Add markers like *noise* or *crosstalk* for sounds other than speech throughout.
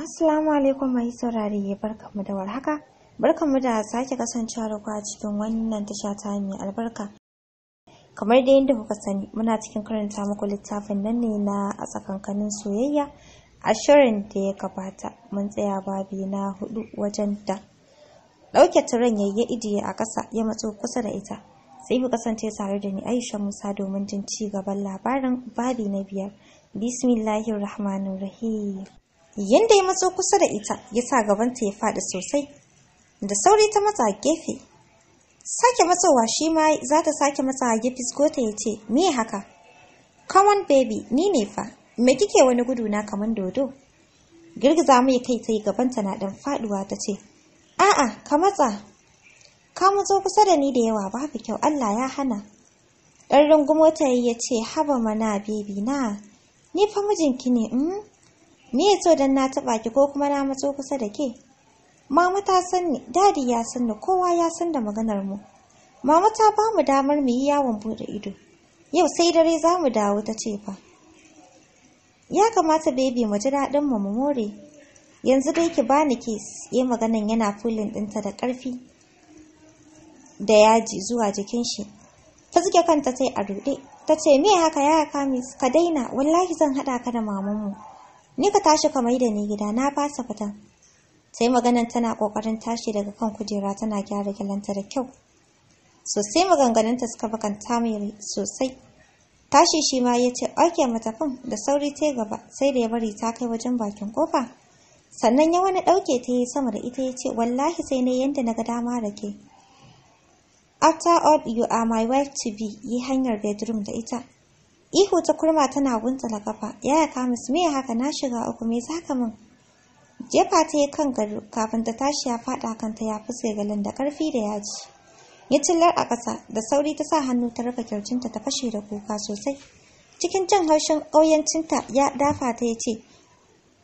Assalamu alaikum mai saurari ya mu da warhaka. barka mu da sake kasancewa da ku a cikin wannan tasha ta mai albarka. Kamar da yadda kuka sani, muna cikin karanta muku littafin nan ne na a tsakankanin soyayya a shirin da ya gabata. Mun tsaya babi na hudu wajen da. Ɗauke turan yi ijiye a ƙasa ya matso kusa da ita. Sai ku kasance tare da ni Aisha Musa domin jin ci gaban labarin babi na biyar. Bismillahirrahmanirrahim. Yanda ya matso kusa da ita, ya sa gabanta ya faɗi sosai. Da sauri ta matsa gefe. Sake matsowa shi ma za ta sake matsawa gefe ta ya ce, Me haka? Common baby, ni ne fa, me kike wani gudu na kaman dodo? Girgiza mai kai ta yi gabanta na ɗan faɗuwa ta ce, A'a, ka matsa. Ka matso kusa da ni da yawa babu kyau Allah ya hana. Ɗan rungumo ya ce, Haba mana baby na, ni fa mijinki ne, mm? me ya so don na taɓa ki ko kuma na matso kusa da ke mama ta san ni dadi ya san ni kowa ya san da maganar mu mama ta ba mu damar mu yi yawon bude ido yau sai dare za mu dawo ta ce fa ya kamata baby mu ji daɗin mu mu more yanzu dai ki bani kes ya maganan yana fulin ɗinta da ƙarfi da yaji zuwa jikin shi fuske kanta sai a ruɗe ta ce me haka ya haka ka daina wallahi zan haɗa ka da mamanmu Ni ka tashi ka mai da ni gida na fasa fita. Sai maganan tana ƙoƙarin tashi daga kan kujera tana gyara gyalanta da kyau. Sosai maganganunta suka bakanta mai sosai. Tashi shi ma ya ce, "Oke matafin da sauri ta gaba sai da ya bari ta kai wajen bakin kofa." Sannan ya wani ɗauke ta yi sama da ita ya ce, "Wallahi sai ne yanda na ga dama da ke." After all, you are my wife to be, yi hanyar bedroom da ita. Ihu ta kurma tana guntula kafa, ya ya kamus me haka na shiga uku me saka min. Jefa ta yi kan gari kafin ta tashi ya faɗa kanta ya fuske galin da ƙarfi da yaji. Ya cillar a ƙasa da sauri ta sa hannu ta rufe kirjinta ta fashe da kuka sosai. Cikin jin haushin ƙauyancinta ya dafa ta ya ce,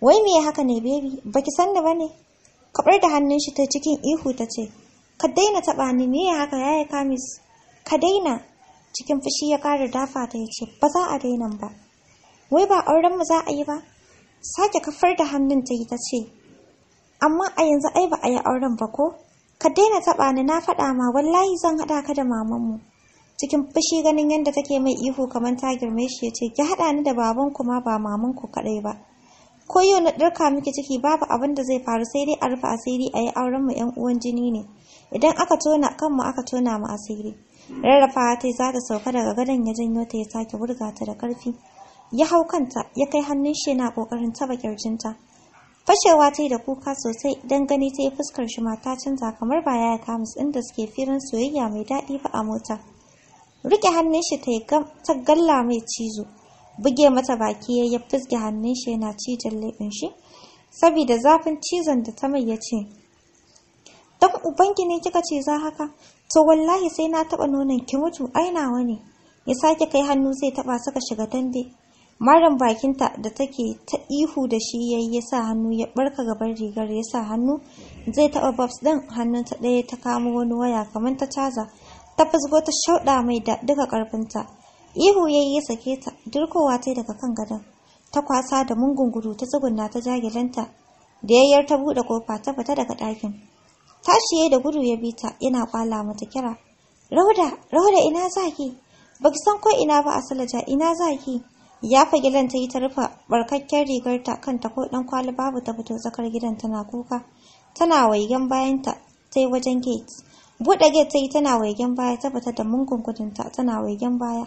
Wai me haka ne bebi, baki san da bane? Kabar da hannun shi ta cikin ihu ta ce, Ka daina taɓa ni me haka yaya kamis? Ka daina, cikin fushi ya ƙara dafa ta ya ce ba za a daina ba wai ba auren mu za a yi ba sake kafar da hannun ta yi ta ce amma a yanzu ai ba a yi auren ba ko ka daina taɓa ni na faɗa ma wallahi zan haɗa ka da mamanmu cikin fushi ganin yadda take mai ihu kamar ta girme shi ya ce ki haɗa ni da babanku ma ba mamanku kaɗai ba ko yau na ɗarka miki ciki babu abin da zai faru sai dai a rufe asiri a yi auren mu 'yan uwan jini ne idan aka tona kanmu aka tona mu asiri rarrafawa ta za ta sauka daga gadon ya janyo ta ya sake wurga ta da ƙarfi. ya hau kanta ya kai hannun shi yana ƙoƙarin taba kirjinta fashewa ta yi da kuka sosai don gani ta yi fuskar shi mata canza kamar ba ya musu inda suke firin soyayya mai daɗi ba a mota rike hannun shi ta galla mai cizo buge mata baki ya yi fizge hannun shi yana cizon laifin shi saboda zafin cizon da ta mai ya ce don ubangi ne kika ce za haka to wallahi sai na taɓa nonon ki mutu ainawa ne ya sake kai hannu zai taɓa suka shiga dambe maran bakinta da take ta ihu da shi ya yi sa hannu ya barka gaban rigar ya sa hannu zai taɓa babs ɗin ta ɗaya ta kamo wani waya kamar ta caza ta fusgo ta shauɗa mai da duka ƙarfinta ihu ya yi sake ta durkowa ta daga kan gadon ta kwasa da mungun gudu ta tsugunna ta jagilanta da yayyar ta buɗe kofa ta fita daga ɗakin shiye da gudu ya bi ta yana kwala mata kira rauda rauda ina zaki baki san ko ina ba asalata ina zaki ya fa gidan ta yi ta rufa barkakken rigar ta kanta ko dan kwali babu ta fito zakar gidan tana kuka tana waigen bayan ta yi wajen gate buɗe gate ta tana waigen baya ta fita da mungun ta tana waigen baya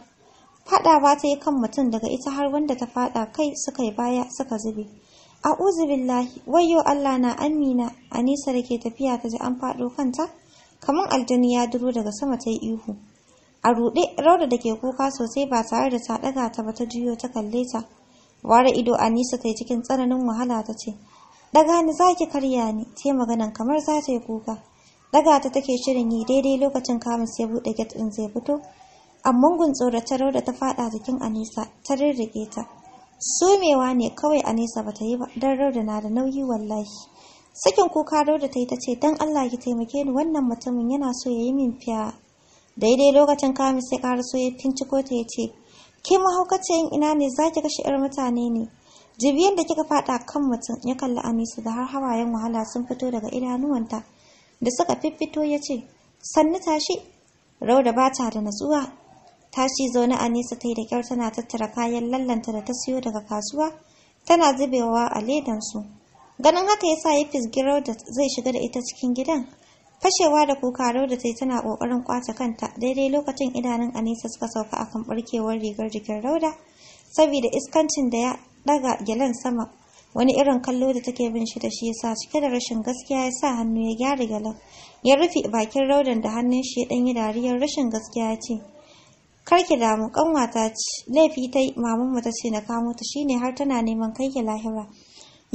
ba ta yi kan mutum daga ita har wanda ta faɗa kai suka yi baya suka zube a'udhu billahi yau Allah na amina a Anisa da ke tafiya ta ji an faɗo kanta kamar aljani ya duro daga sama ta yi ihu a ruɗe rauda da ke kuka sosai ba tare da ta ɗaga ta ba ta juyo ta kalle ta ware ido Anisa ta yi cikin tsananin wahala ta ce ɗaga ni za ki karya ni ce maganan kamar za ta yi kuka Daga ta take shirin yi daidai lokacin kamus ya buɗe get ɗin zai fito amma gun tsoratarau da ta faɗa jikin Anisa ta rirriƙe ta. somewa ne kawai a nesa ba ta yi ba don rauda na da nauyi wallahi sakin kuka rauda ta yi ta ce don allah ki taimake ni wannan mutumin yana so ya yi min fiya daidai lokacin kamis sai ƙara so ya finciko ta ya ce ke yin ina ne za ki kashe 'yar mutane ne jibiyan da kika faɗa kan mutum ya kalli anisa da har hawayen wahala sun fito daga idanuwanta da suka fiffito ya ce sannu tashi rauda ba ta da natsuwa tashi zaune a nesa ta yi da kyar tana tattara kayan lallanta da ta siyo daga kasuwa tana zubewa a ledansu ganin haka ya sa ya fisgiro da zai shiga da ita cikin gidan fashewa da kukarau da ta yi tana ƙoƙarin ƙwace kanta daidai lokacin idanun anisa suka sauka a kan barkewar rigar jikin rauda saboda iskancin da ya ɗaga gyalen sama wani irin kallo da take bin shi da shi ya sa cike da rashin gaskiya ya sa hannu ya gyara gyalen ya rufe bakin raudan da hannun shi ya ɗanyi dariyar rashin gaskiya ya ce kar ki damu kanwata ce laifi ta maman mu ta ce na kamo ta shine har tana neman kai lahira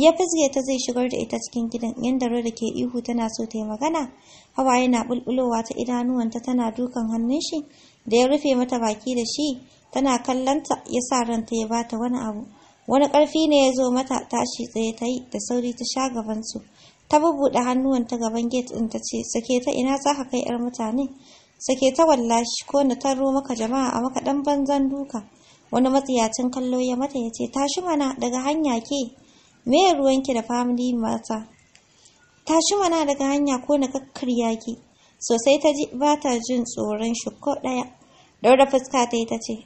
ya fizge ta zai shigar da ita cikin gidan yanda da ke ihu tana so ta yi magana hawa yana bulbulowa ta idanuwanta tana dukan hannun shi da ya rufe mata baki da shi tana kallanta ya sa ranta ya bata wani abu wani ƙarfi ne ya zo mata tashi tsaye ta yi da sauri ta sha gabansu ta bubuɗe ta gaban gate ɗin ta ce sake ta ina za ka kai 'yar mutane sake ta wallashi ko na taro maka jama'a a maka dan banzan duka wani matsiyacin kallo ya mata ya ce tashi mana daga hanya ke me ruwanki da family mata tashi mana daga hanya ko na kakkarya ki sosai ta ji ba ta jin tsoron shi ko ɗaya daura fuska ta yi ta ce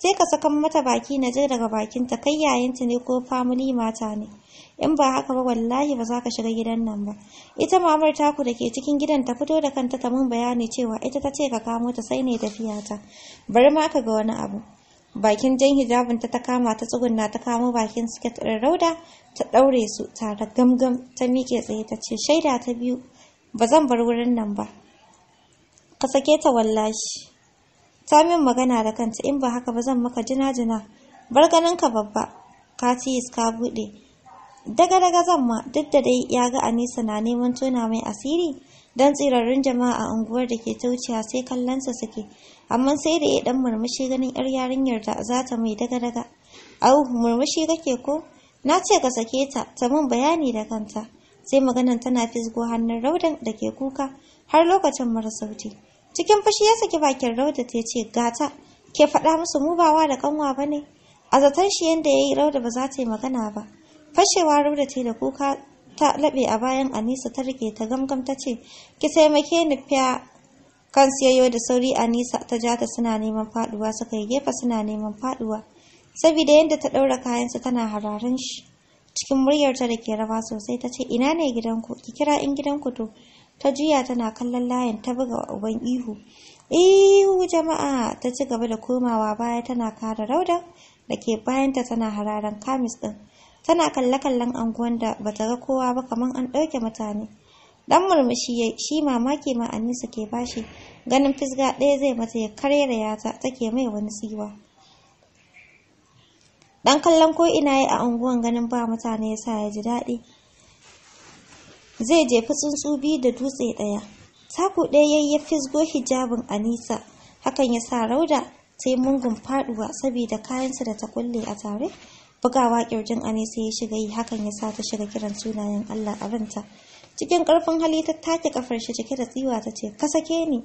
sai ka sakan mata baki na je daga bakinta kai yayinta ne ko family mata ne in ba haka ba wallahi ba za ka shiga gidan nan ba ita mamar taku da ke cikin gidan ta fito da kanta ta mun bayani cewa ita ta ce ka kamo ta sai ne tafiya ta bari ma ka ga wani abu bakin jan hijabin ta ta kama ta tsugunna ta kamo bakin siket ɗin rauda ta ɗaure su tare gamgam ta miƙe tsaye ta ce shaida ta biyu ba zan bar wurin nan ba ka sake ta wallashi ta min magana da kanta in ba haka ba zan maka jina-jina bar ganin ka babba ka ka buɗe daga daga zan ma duk da dai ya ga anisa na neman tona mai asiri don tsirarrun jama'a a unguwar da ke ta wucewa sai kallonsa suke amma sai da ya dan murmushi ganin yar yarinyar da za ta mai daga daga au murmushi kake ko na ce ka sake ta ta min bayani da kanta sai maganan tana fisgo hannun raudan da ke kuka har lokacin mara sauti cikin fushi ya saki bakin rauda ta ce gata ke faɗa musu mu bawa da kanwa ba ne a zaton shi yadda ya yi rauda ba za ta yi magana ba fashewa rauda ce da kuka ta laɓe a bayan anisa ta rike ta gamgam ta ce ki taimake ni fiya kan siyayyo da sauri anisa ta ja ta suna neman faduwa suka yi gefa suna neman faduwa saboda yadda ta ɗaura kayansa tana hararin shi cikin muryarta da ke rawa sosai ta ce ina ne gidanku ki kira in gidanku to ta juya tana kallon layin ta buga uban ihu ihu jama'a ta ci gaba da komawa baya tana kare rauda da ke bayanta tana hararen kamis din tana kalle-kallen anguwan da ba ta ga kowa ba kamar an ɗauke mutane dan murmushi ya shi mamaki ma Anisa ke bashi ganin fisga ɗaya zai mata ya kareraya ta take mai wani tsiwa dan kallon ko ina yi a unguwan ganin ba mutane ya sa ya ji daɗi zai jefi tsuntsu biyu da dutse ɗaya taku ɗaya ya yi fisgo hijabin Anisa hakan ya sa Rauda ta yi mungun faɗuwa saboda kayansa da ta kulle a tare bugawa kirjin anisa ya shiga yi hakan ya sa ta shiga kiran sunayen allah a ranta cikin karfin hali ta take kafar shi cike da tsiwa ta ce ka sake ni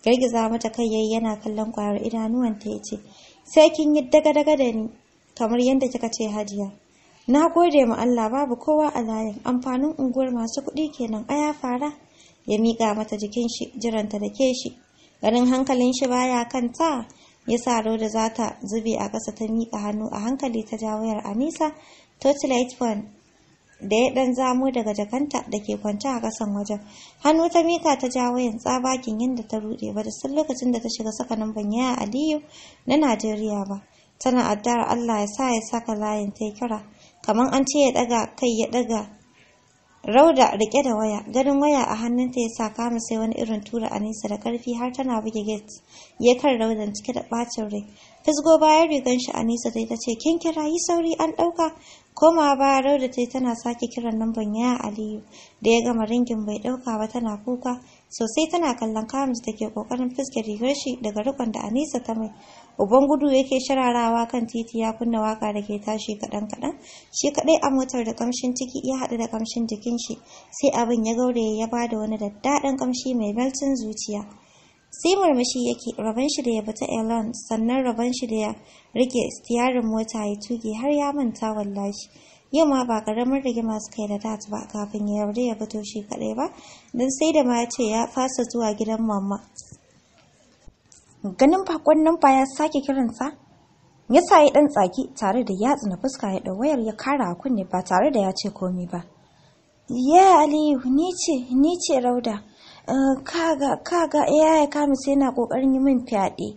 girgiza mata kai yayi yana kallon kwayar idanuwan ta yace. sai kin yi daga-daga da ni kamar yadda kika ce hajiya na gode ma Allah babu kowa a layin amfanin unguwar masu kuɗi kenan a ya fara ya mika mata jikin shi jiranta da ke shi ganin hankalin shi baya kanta ya sa da za ta zube a ƙasa ta miƙa hannu a hankali ta ja wayar anisa torchlight phone da ya ɗan zamo daga jakanta da ke kwance a ƙasan wajen hannu ta miƙa ta ja wayan tsabakin yadda ta ruɗe ba da sun lokacin da ta shiga saka ban yaya aliyu na najeriya ba tana addara allah ya sa ya saka layin ta kira kamar an ce ya ɗaga kai ya ɗaga Rauda rike da waya, ganin waya a hannunta ya sa kama sai wani irin tura Anisa da karfi har tana buge gate. Ya kan Raudan cike da bacin rai. Fisgo bayan rigan shi Anisa ta ce kin kira yi sauri an ɗauka? Koma baya Rauda ta tana sake kiran namban yaya Aliyu da ya gama ringin bai ɗauka ba tana kuka. sosai tana kallon kamis da ke kokarin fuske rigar shi daga rikon da anisa ta mai uban gudu yake shararawa kan titi ya kunna waka da ke tashi kaɗan kaɗan shi kaɗai a motar da kamshin ciki ya haɗu da kamshin jikin shi sai abin ya gaure ya ba da wani daddaɗan kamshi mai belcin zuciya sai murmushi yake rabon shi da ya fita elon sannan rabon shi da ya rike stiyarin mota ya tuge har ya manta wallashi yau ma ba karamar rigima suka kai da tat ba kafin ya yarda ya fito shi kaɗai ba don sai da ma ya ce ya fasa zuwa gidan mamma ganin bakon nan ba ya sake kiransa ya sa ya ɗan tsaki tare da yatsu na fuska ya wayar ya kara a kunne ba tare da ya ce komi ba ya aliyu ni ce rauda eh, kaga kaga ya eh, ya kama sai na ƙoƙarin yi min fyaɗe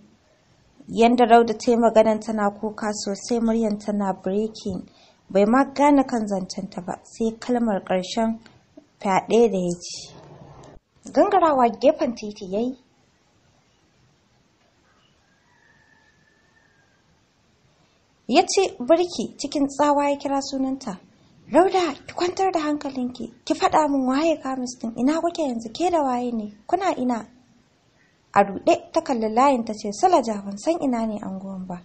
yanda rauda ta yi maganan tana kuka sosai muryan tana breaking bai ma gane kan zancenta ba sai kalmar ƙarshen fyaɗe da ya ci gangarawa gefen titi ya yi ya ce birki cikin tsawa ya kira sunanta rauda ki kwantar da hankalinki ki faɗa min waye kamis ɗin. ina kuke yanzu ke da waye ne kuna ina a ruɗe ta kalli layin ta ce sala ban san ina ne goma ba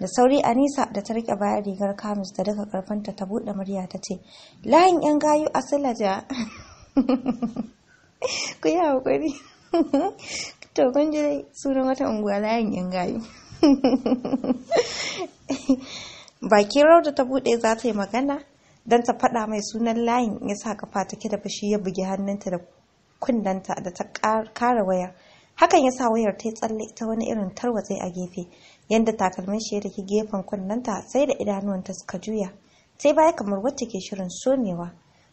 da sauri anisa da ta rike bayan rigar kamis da daga karfanta ta buɗe murya ta ce layin yan gayu a silaja *laughs* ku yi *laughs* to kun ji wata unguwa layin yan gayu *laughs* bakin da ta buɗe za ta yi magana don ta faɗa mai sunan layin ya sa kafa take da fushi ya bugi hannunta da kundanta da ta kara wayar hakan ya sa wayar ta yi tsalle ta wani irin tarwatse a gefe yadda takalmin shi ya daki gefen kunnanta sai da idanuwanta suka juya sai baya kamar wacce ke shirin sonewa.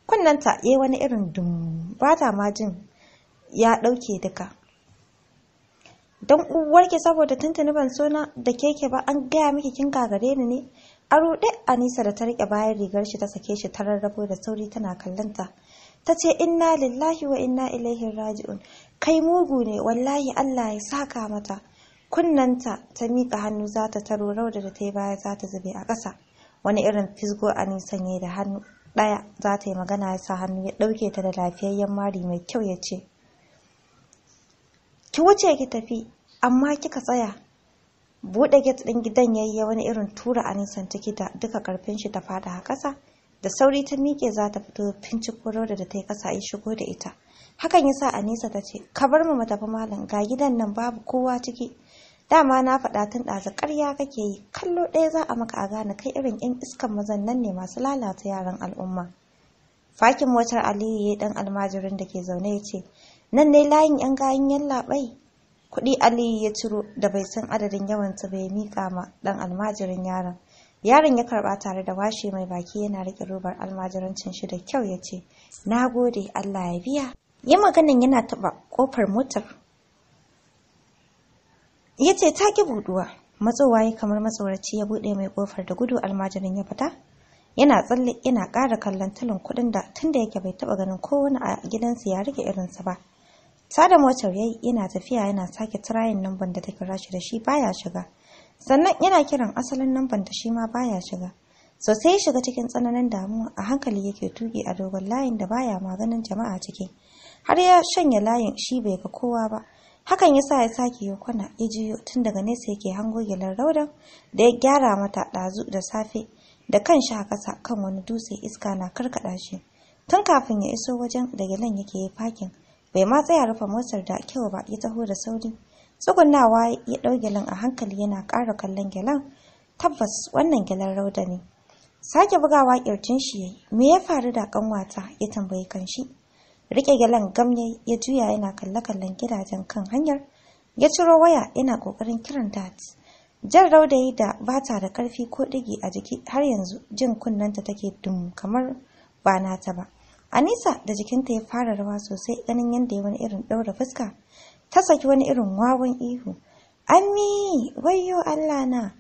kunnanta ya yi wani irin dum ba ta ma jin ya ɗauke duka don uwarki saboda tuntuni ban sona da keke ba an gaya miki kin gagare ni ne a ruɗe anisa da ta riƙe bayan rigar shi ta sake shi ta rarrabo da sauri tana kallonta ta ce inna lillahi wa inna ilaihi raji'un kai mugu ne wallahi allah ya saka mata kunnanta ta miƙa hannu za ta taro rauda da ta yi baya za ta zube a ƙasa wani irin fisgo a nisan ya da hannu ɗaya za ta yi magana ya sa hannu ya ɗauke ta da lafiyayyen mari mai kyau ya ce ki wuce ki tafi amma kika tsaya buɗe get ɗin gidan ya yi wani irin tura a nisan ciki da duka ƙarfin shi ta faɗa a ƙasa da sauri ta miƙe za ta fito finciko rauda da ta yi ƙasa ya shigo da ita hakan ya sa anisa ta ce ka bar mu matafi malam ga gidan nan babu kowa ciki Dama na faɗa tun ɗazu ƙarya kake yi, kallo ɗaya za a maka a gane kai irin 'yan iskan mazan nan ne masu lalata yaran al'umma. Fakin motar Aliyu ya yi ɗan almajirin da ke zaune ya ce, Nan ne layin 'yan gayin yan labai. Kuɗi Aliyu ya ciro da bai san adadin yawan ta bai miƙa ma ɗan almajirin yaron. Yaron ya karɓa tare da washe mai baki yana riƙe robar almajirancin shi da kyau ya ce, Na gode Allah ya biya. Yi maganin yana taɓa ƙofar motar ya ce ta ki buduwa matsowa ya kamar matsoraci ya buɗe mai kofar da gudu almajirin ya fita yana tsalle yana ƙara kallon talin kuɗin da tunda yake bai taɓa ganin kowane a gidansa ya rike irinsa ba tada motar yayi yana tafiya yana sake tirayin lambar da ta kira shi da shi baya shiga sannan yana kiran asalin lambar da shi ma baya shiga sosai ya shiga cikin tsananin damuwa a hankali yake tuki a dogon layin da baya maganin jama'a ciki har ya shanya layin shi bai ga kowa ba hakan ya sa ya sake ya kwana ya jiyo tun daga nesa yake hango gilar raudan da ya gyara mata ɗazu da safe da kan sha a ƙasa kan wani dutse iska na karkaɗa shi tun kafin ya iso wajen da gilan yake yi fakin bai ma tsaya rufe motsar da kyau ba ya taho da sauri tsugunnawa ya ɗau gilan a hankali yana ƙara kallon gilan tabbas wannan gilan rauda ne sake bugawa ƙirjin shi yi, me ya faru da ƙanwata, ya tambayi kanshi rike gyalen gamye ya juya yana kalle-kallen gidajen kan hanyar ya ciro waya yana kokarin kiran dat jan raudayi da bata da karfi ko digi a jiki har yanzu jin kunnanta take dum kamar ba nata ba anisa da jikinta ya fara rawa sosai ganin yadda ya wani irin ɗaura fuska ta saki wani irin wawan ihu ami wayo allah na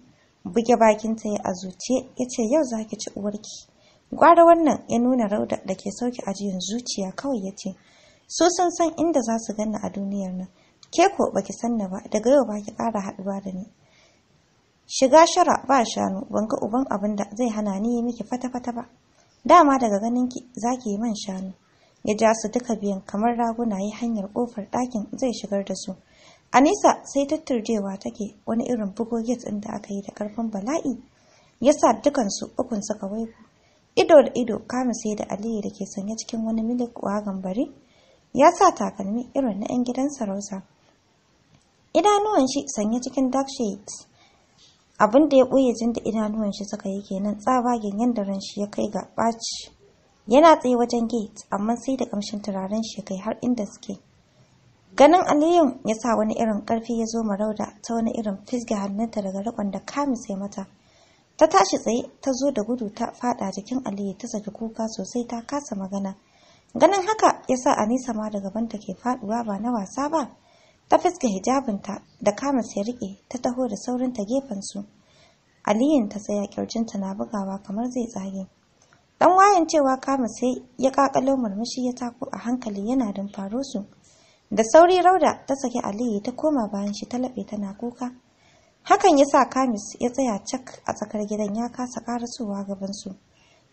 buge bakinta ya a yace ya ce yau zaki ci uwarki gwara wannan ya nuna rauda da ke sauke ajiyar zuciya kawai ya ce su sun san inda za su ganna a duniyar nan ke ko ba san sanna ba daga yau ba ki ƙara haɗuwa da ni shiga shara ba shanu ban ga uban abin da zai hana ni yi miki fata-fata ba dama daga ganin ki za ki yi man shanu ya ja su duka biyan kamar raguna yi hanyar kofar ɗakin zai shigar da su anisa sai tatturjewa take wani irin bugo gate ɗin da aka yi da ƙarfin bala'i ya sa dukansu ukun suka waigo ido da ido kama sai da aliyu da ke sanye cikin wani milik wagan bari ya sa takalmi irin na 'yan gidan sarauta idanuwan shi sanye cikin dark shades abin da ya ɓoye jin da idanuwan shi suka yi kenan ganyen da ran shi ya kai ga ɓaci yana tsaye wajen gate amma sai da kamshin turaren shi kai har inda suke ganin aliyun ya sa wani irin ƙarfi ya zo marauda ta wani irin fisga hannunta daga rikon da kamis sai mata ta tashi tsaye ta zo da gudu ta fada jikin aliyu ta saki kuka sosai ta kasa magana ganin haka ya sa anisa ma da gabanta ke faduwa ba na wasa ba ta fiska hijabinta da kama sai rike ta taho da saurin ta gefen su aliyun ta tsaya ta na bugawa kamar zai tsage dan wayan cewa kama sai ya kakalo murmushi ya tako a hankali yana dumfaro su da sauri rauda ta saki aliyu ta koma bayan shi ta laɓe tana kuka hakan ya sa kamis ya tsaya cak a tsakar gidan ya kasa karasowa gabansu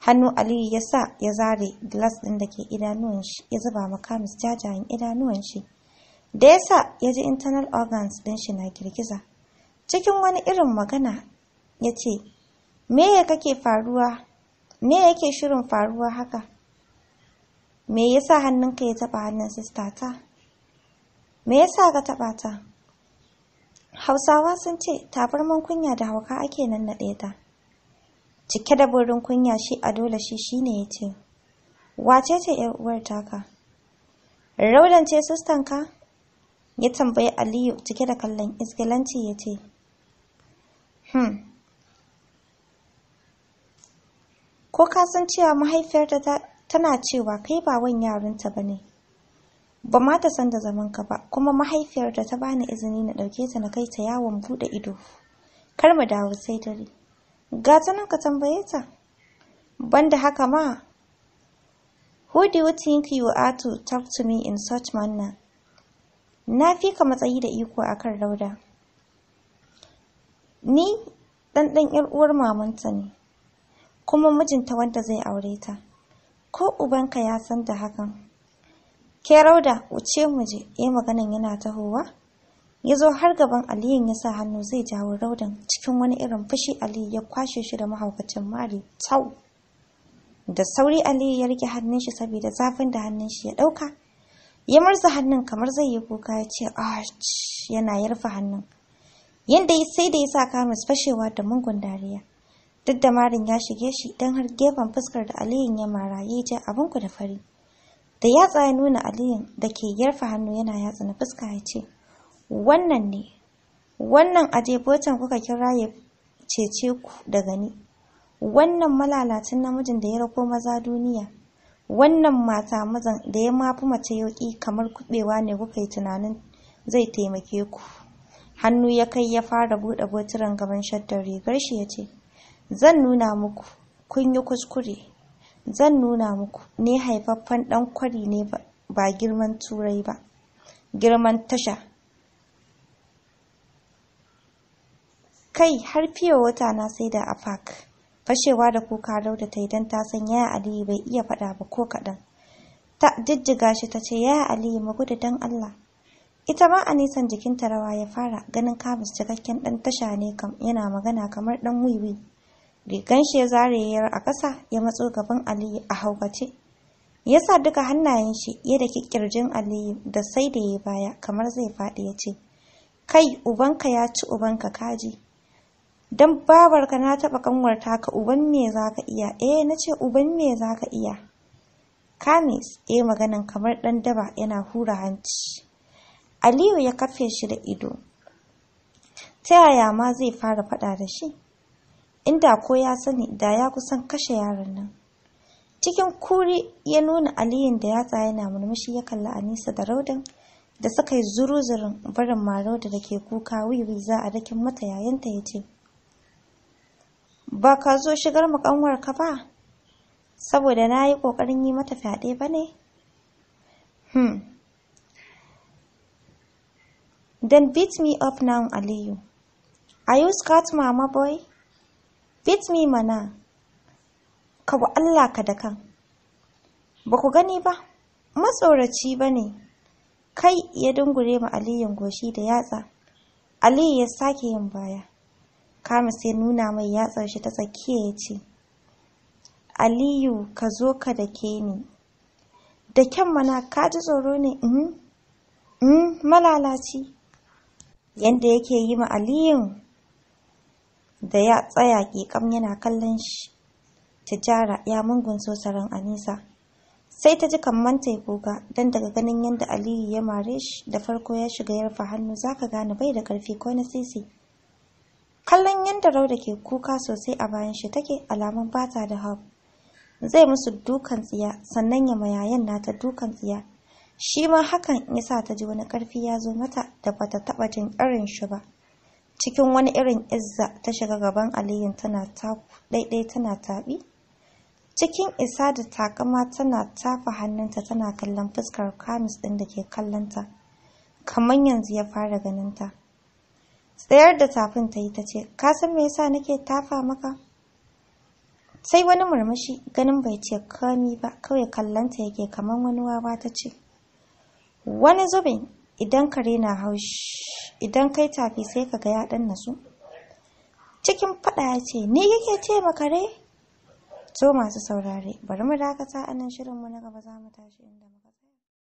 hannu aliyu ya sa ya zare glass ɗin da ke idanuwan shi ya zuba ma kamis jajayen idanuwan shi da ya sa ya ji internal organs ɗin shi na girgiza cikin wani irin magana ya ce me ya kake faruwa me ke shirin faruwa haka me ya sa hannunka ya taɓa hannun sista ta me ya sa ka taɓa ta hausawa sun ce tabarman kunya da hauka ake nan na ta cike da burin kunya shi a dole shi shine ya ce wace ce yar uwar taka raudan ce ya tambayi aliyu cike da kallon isgilanci ya ce hmm ko ka san cewa mahaifiyarta tana cewa kai ba wan yarinta ba ne ba ma ta san da zaman ka ba kuma mahaifiyarta ta bani izini na ɗauke ta na kai ta yawon buɗe ido kar mu dawo sai dare ga ta nan ka tambaye ta banda haka ma who do you think you are to talk to me in such manner na fi ka matsayi da iko akan rauda ni dan dan ‘yar uwar mamanta ne kuma mijinta wanda zai aure ta ko ubanka ya san da hakan Ke rauda, wuce mu je, ya eh, maganan yana tahowa. Ya zo har gaban Aliyu ya sa hannu zai jawo raudan cikin wani irin fushi Aliyu ya kwashe shi da mahaukacin mari tau. Da sauri Aliyu ya rike hannun shi saboda zafin da hannun shi ya ɗauka. Ya marsa hannun kamar zai yi kuka ya ce, Ah, yana yarfa hannun. Yanda sai da ya sa kamus fashewa da mungun dariya. Duk da marin ya shige shi don har gefen fuskar da Aliyu ya mara ya je abinku da fari. da yatsa ya nuna aliyun da ke yarfa hannu yana yatsa na fuska ya ce wannan ne wannan botan kuka kira ya cece ku daga ni wannan malalacin namijin da ya rako maza duniya wannan mata mazan da ya mafi mace yauki kamar kubewa ne kuka yi tunanin zai taimake ku hannu ya kai ya fara buɗe botiran gaban shaddar rigar shi ya ce zan nuna muku kun yi kuskure zan nuna muku ne haifaffen ɗan kwari ne ba girman turai ba girman tasha kai har fiye wata na sai da a fashewa da kuka rauda ta idan ta san yaya aliyu bai iya faɗa ba ko kaɗan ta jijjiga shi ta ce yaya aliyu magudu dan allah ita ma a nisan jikinta rawa ya fara ganin kamus cikakken ɗan tasha ne yana magana kamar ɗan wiwi rigan shi ya zare a ƙasa ya matso gaban aliyu a haukace ya sa duka hannayen shi ya da kirjin aliyu da sai da ya baya kamar zai faɗi ya ce kai ubanka ya ci ubanka kaji Don babarka na taɓa kanwarta taka, uban me za ka iya eh na ce uban me za ka iya kamis ya maganan kamar ɗan daba yana hura hanci aliyu ya kafe shi da ido ta yaya ma zai fara faɗa da shi inda ko ya sani da ya kusan kashe yaron nan cikin kuri ya nuna aliyun da ya tsaya yana murmushi ya kalli anisa da raudan da suka yi zuruzurin barin marauda da ke kuka wiwi za a dakin mata yayanta ya ce ba ka zo shigar makanwar ka ba saboda na yi ƙoƙarin yi mata fyaɗe ba ne hmm then beat me up now aliyu are you scared, mama boy Fit me mana, ka wa Allah ka da kan. Ba ku gani ba, matsoraci ba ne, kai ya dungure ma Aliyun goshi da yatsa, Aliyu ya sake yin baya. Kama sai nuna mai yatsar shi ta tsakiya ya ce, Aliyu ka zo ka da ke ni, da kyan mana ka ji tsoro ne, mm-hmm. Mm-hmm. malalaci. Yanda yake yi ma Aliyun da ya tsaya ƙiƙam yana kallon shi. Tijara ya mungun sosaran Anisa. Sai ta ji kamar ta yi kuka don daga ganin yadda Aliyu ya mare shi da farko ya shiga yarfa hannu za ka gane bai da ƙarfi ko na sisi. Kallon yadda Rauda ke kuka sosai a bayan shi take alamun bata da habu. Zai musu dukan tsiya sannan ya mayayan nata dukan tsiya. Shi ma hakan ya sa ta ji wani ƙarfi ya zo mata da bata taɓa jin ƙarin shi ba. cikin wani irin izza ta shiga gaban aliyun tana taku daidai tana taɓi cikin isa da takama tana tafa hannunta tana kallon fuskar kamis ɗin da ke kallonta kamar yanzu ya fara ganinta tsayar da tafin ta yi ta ce ka san me yasa nake tafa maka sai wani murmushi ganin bai ce kami ba kawai kallonta yake kamar wani wawa ta ce wani zubin idan kare na haushi idan kai tafi sai ka ga ya dan nasu cikin faɗa ya ce ni yake ce makare to masu saurare bari mu dakata anan mu na gaba za mu tashi inda